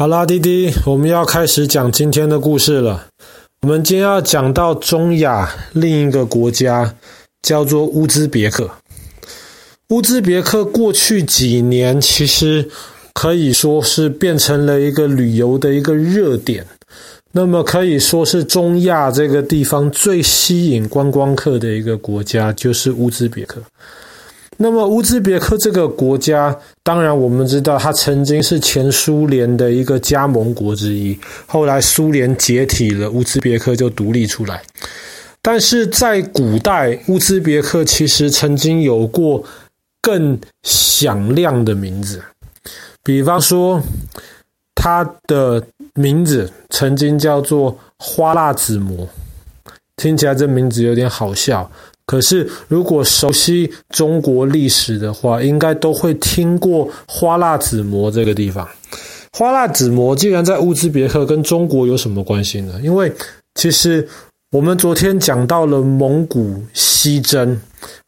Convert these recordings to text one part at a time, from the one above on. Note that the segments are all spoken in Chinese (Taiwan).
好啦，滴滴。我們要開始講今天的故事了。我們今天要講到中亞另一個國家，叫做烏茲別克。烏茲別克過去幾年其實可以說是變成了一個旅遊的一個熱點，那麼可以說是中亞這個地方最吸引觀光客的一個國家，就是烏茲別克。那麼烏茲別克這個國家，當然我們知道，它曾經是前蘇聯的一個加盟國之一。後來蘇聯解體了，烏茲別克就獨立出來。但是在古代，烏茲別克其實曾經有過更響亮的名字，比方說，它的名字曾經叫做“花剌子模”，聽起來這名字有點好笑。可是，如果熟悉中國歷史的話，應該都會聽過花剌子模這個地方。花剌子模竟然在烏茲別克，跟中國有什麼關係呢？因為其實我們昨天講到了蒙古西征，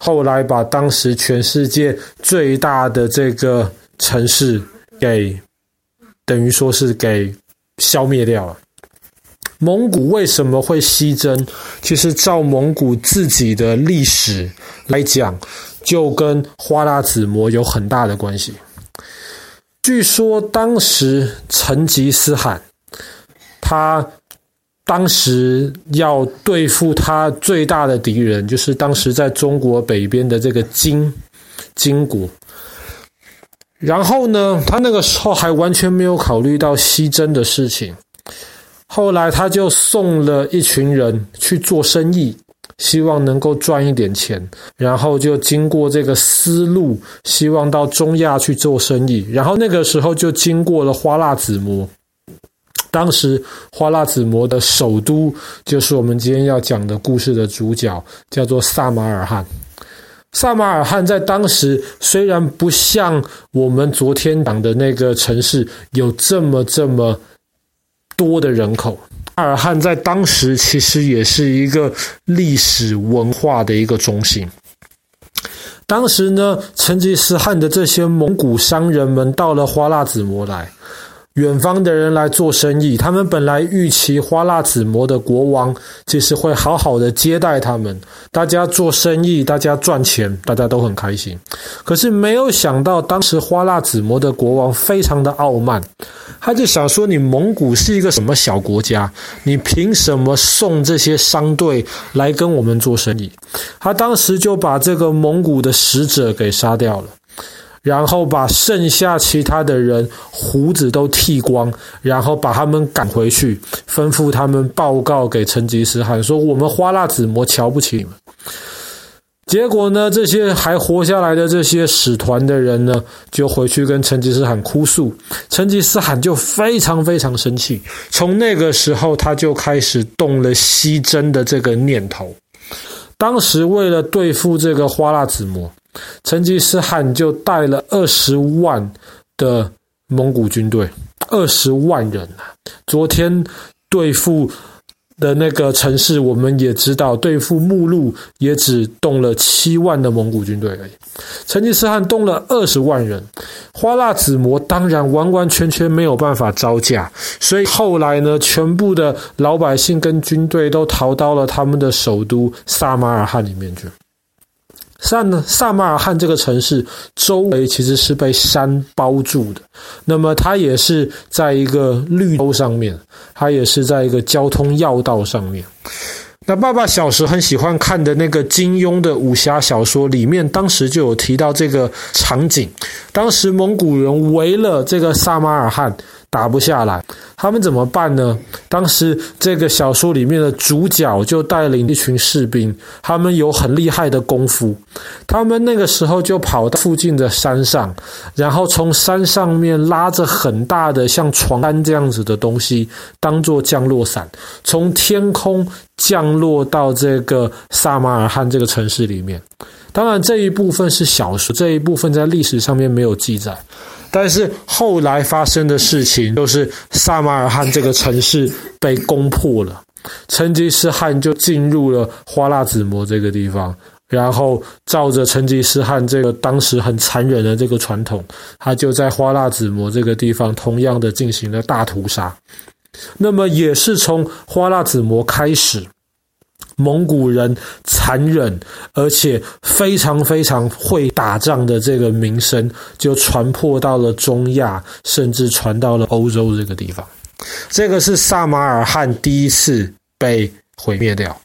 後來把當時全世界最大的這個城市給，等於說是給消滅掉了。蒙古為什麼會西征？其實照蒙古自己的歷史來講，就跟花剌子模有很大的關係。據說當時成吉思汗，他當時要對付他最大的敵人，就是當時在中國北邊的這個金金國。然後呢，他那個時候還完全沒有考慮到西征的事情。後來他就送了一群人去做生意，希望能夠賺一點錢，然後就經過這個絲路，希望到中亞去做生意。然後那個時候就經過了花剌子模，當時花剌子模的首都就是我們今天要講的故事的主角，叫做撒馬爾罕。撒馬爾罕在當時雖然不像我們昨天講的那個城市有這麼這麼。多的人口，撒馬爾罕在當時其實也是一個歷史文化的一個中心。當時呢，成吉思汗的這些蒙古商人們到了花剌子模來。遠方的人來做生意，他們本來預期花剌子模的國王就是會好好的接待他們，大家做生意，大家賺錢，大家都很開心。可是沒有想到，當時花剌子模的國王非常的傲慢，他就想說：“你蒙古是一個什麼小國家？你憑什麼送這些商隊來跟我們做生意？”他當時就把這個蒙古的使者給殺掉了。然後把剩下其他的人鬍子都剃光，然後把他們趕回去，吩咐他們報告給成吉思汗說：“我們花剌子模瞧不起你們。”結果呢，這些還活下來的這些使團的人呢，就回去跟成吉思汗哭訴，成吉思汗就非常非常生氣。從那個時候，他就開始動了西征的這個念頭。當時為了對付這個花剌子模。成吉思汗就帶了二十萬的蒙古軍隊，二十萬人啊。昨天對付的那個城市，我們也知道，對付木鹿也只動了七萬的蒙古軍隊而已。成吉思汗動了二十萬人，花剌子模當然完完全全沒有辦法招架，所以後來呢，全部的老百姓跟軍隊都逃到了他們的首都撒馬爾罕裡面去。撒呢？撒馬爾罕這個城市周圍其實是被山包住的，那麼它也是在一個綠洲上面，它也是在一個交通要道上面。那爸爸小時很喜歡看的那個金庸的武俠小說裡面，當時就有提到這個場景，當時蒙古人圍了這個撒馬爾罕。打不下來，他們怎麼辦呢？當時這個小說裡面的主角就帶領一群士兵，他們有很厲害的功夫，他們那個時候就跑到附近的山上，然後從山上面拉着很大的像床單這樣子的東西，當做降落傘，從天空降落到這個撒馬爾罕這個城市裡面。當然，這一部分是小說，這一部分在歷史上面沒有記載。但是後來發生的事情，就是撒馬爾罕這個城市被攻破了，成吉思汗就進入了花剌子模這個地方，然後照着成吉思汗這個當時很殘忍的這個傳統，他就在花剌子模這個地方同樣的進行了大屠殺。那麼也是從花剌子模開始。蒙古人殘忍，而且非常非常會打仗的這個名聲就傳播到了中亞，甚至傳到了歐洲這個地方。這個是撒馬爾罕第一次被毀滅掉，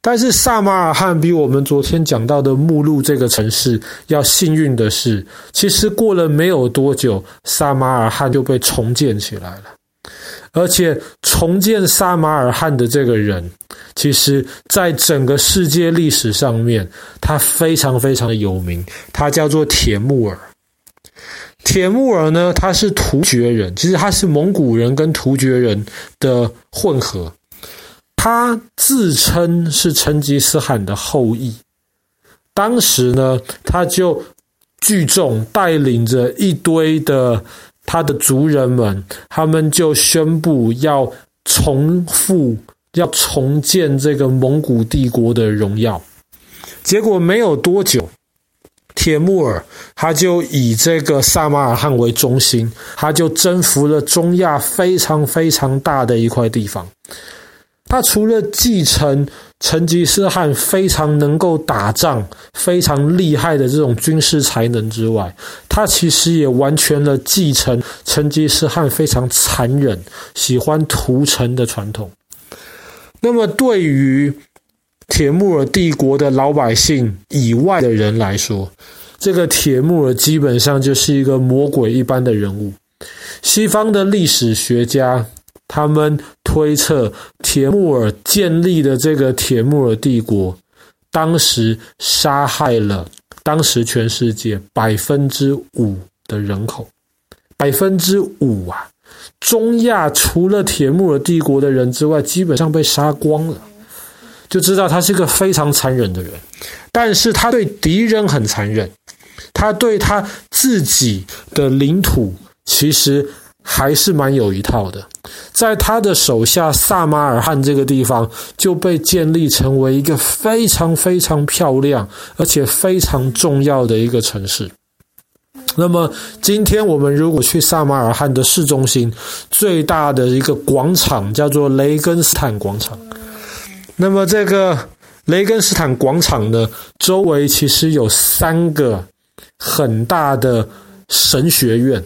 但是撒馬爾罕比我們昨天講到的目錄這個城市要幸運的是，其實過了沒有多久，撒馬爾罕就被重建起來了。而且重建撒馬爾罕的這個人，其實在整個世界歷史上面，他非常非常的有名。他叫做鐵木爾。鐵木爾呢，他是突厥人，其實他是蒙古人跟突厥人的混合。他自稱是成吉思汗的後裔。當時呢，他就聚眾帶領着一堆的，他的族人們，他們就宣布要重複、要重建這個蒙古帝國的榮耀。結果沒有多久，帖木兒他就以這個撒馬爾罕為中心，他就征服了中亞非常非常大的一塊地方。他除了繼承成吉思汗非常能夠打仗，非常厲害的這種軍事才能之外，他其實也完全的繼承成吉思汗非常殘忍，喜歡屠城的傳統。那麼，對於鐵木爾帝國的老百姓以外的人來說，這個鐵木爾基本上就是一個魔鬼一般的人物。西方的歷史學家他們。推測鐵木爾建立的這個鐵木爾帝國，當時殺害了當時全世界百分之五的人口，百分之五啊！中亞除了鐵木爾帝國的人之外，基本上被殺光了，就知道他是一個非常殘忍的人。但是他對敵人很殘忍，他對他自己的領土其實。還是蠻有一套的，在他的手下，撒馬爾罕這個地方就被建立成為一個非常非常漂亮而且非常重要的一個城市。那麼，今天我們如果去撒馬爾罕的市中心，最大的一個廣場叫做雷根斯坦廣場。那麼，這個雷根斯坦廣場呢，周圍其實有三個很大的神學院。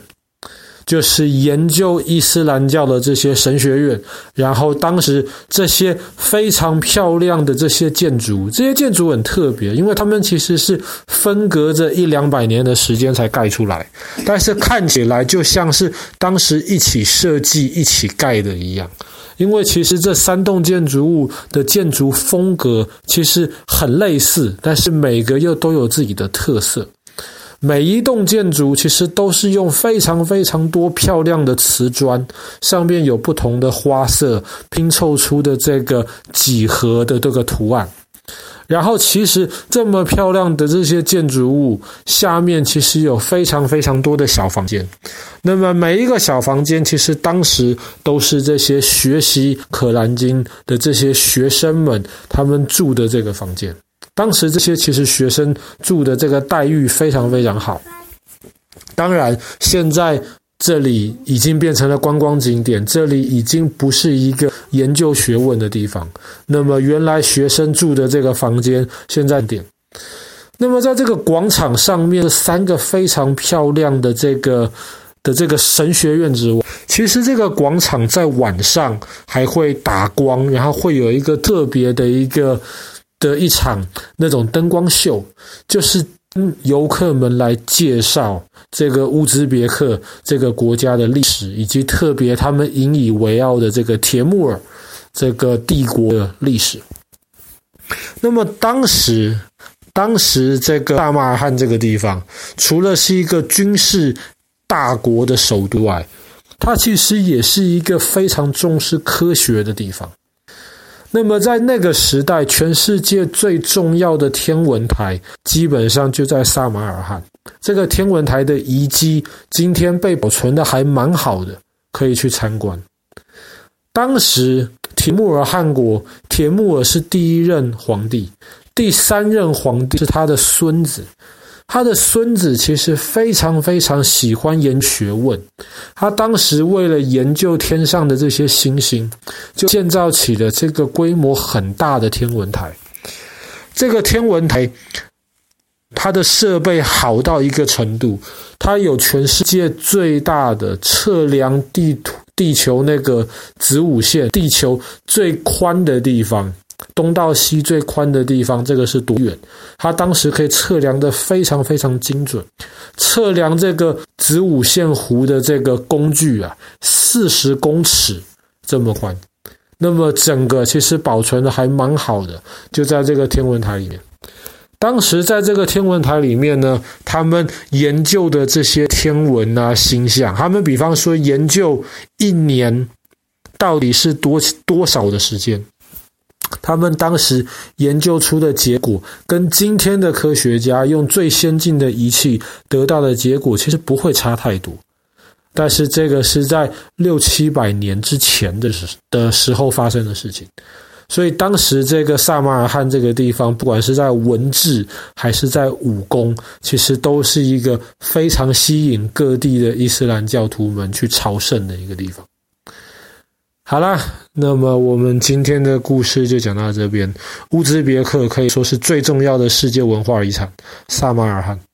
就是研究伊斯蘭教的這些神學院，然後當時這些非常漂亮的這些建築，這些建築很特別，因為他們其實是分隔着一兩百年的時間才蓋出來，但是看起來就像是當時一起設計、一起蓋的一樣，因為其實這三棟建築物的建築風格其實很類似，但是每個又都有自己的特色。每一棟建築其實都是用非常非常多漂亮的瓷磚，上面有不同的花色拼湊出的這個幾何的這個圖案。然後，其實這麼漂亮的這些建築物下面其實有非常非常多的小房間。那麼，每一個小房間其實當時都是這些學習《可蘭經》的這些學生們他們住的這個房間。當時這些其實，學生住的這個待遇非常非常好，當然現在這裡已經變成了觀光景點，這裡已經不是一個研究學問的地方。那麼原來學生住的這個房間，現在點。那麼在這個廣場上面的三個非常漂亮的這個的這個神學院之外，其實這個廣場在晚上還會打光，然後會有一個特別的一個。的一場那種燈光秀，就是嗯，遊客們來介紹這個烏茲別克這個國家的歷史，以及特別他們引以為傲的這個鐵木爾這個帝國的歷史。那麼當時，當時這個撒馬爾罕這個地方，除了是一個軍事大國的首都外，它其實也是一個非常重視科學的地方。那麼在那個時代，全世界最重要的天文台基本上就在撒馬爾罕。這個天文台的遺跡今天被保存的還蠻好的，可以去參觀。當時鐵木爾汗國，鐵木爾是第一任皇帝，第三任皇帝是他的孫子。他的孫子其實非常非常喜歡研究學問，他當時為了研究天上的這些星星，就建造起了這個規模很大的天文台。這個天文台，它的設備好到一個程度，它有全世界最大的測量地圖，地球那個子午線，地球最寬的地方。東到西最寬的地方，這個是多遠？他當時可以測量的非常非常精準。測量這個子午線弧的這個工具啊，四十公尺這麼寬。那麼整個其實保存的還蠻好的，就在這個天文台裡面。當時在這個天文台裡面呢，他們研究的這些天文啊星象，他們比方說研究一年到底是多多少的時間？他們當時研究出的結果，跟今天的科學家用最先進的儀器得到的結果，其實不會差太多。但是這個是在六七百年之前的時的時候發生的事情，所以當時這個撒馬爾罕這個地方，不管是在文治還是在武功，其實都是一個非常吸引各地的伊斯蘭教徒們去朝聖的一個地方。好啦，那麼我們今天的故事就講到這邊。烏茲別克可以說是最重要的世界文化遺產——撒馬爾罕。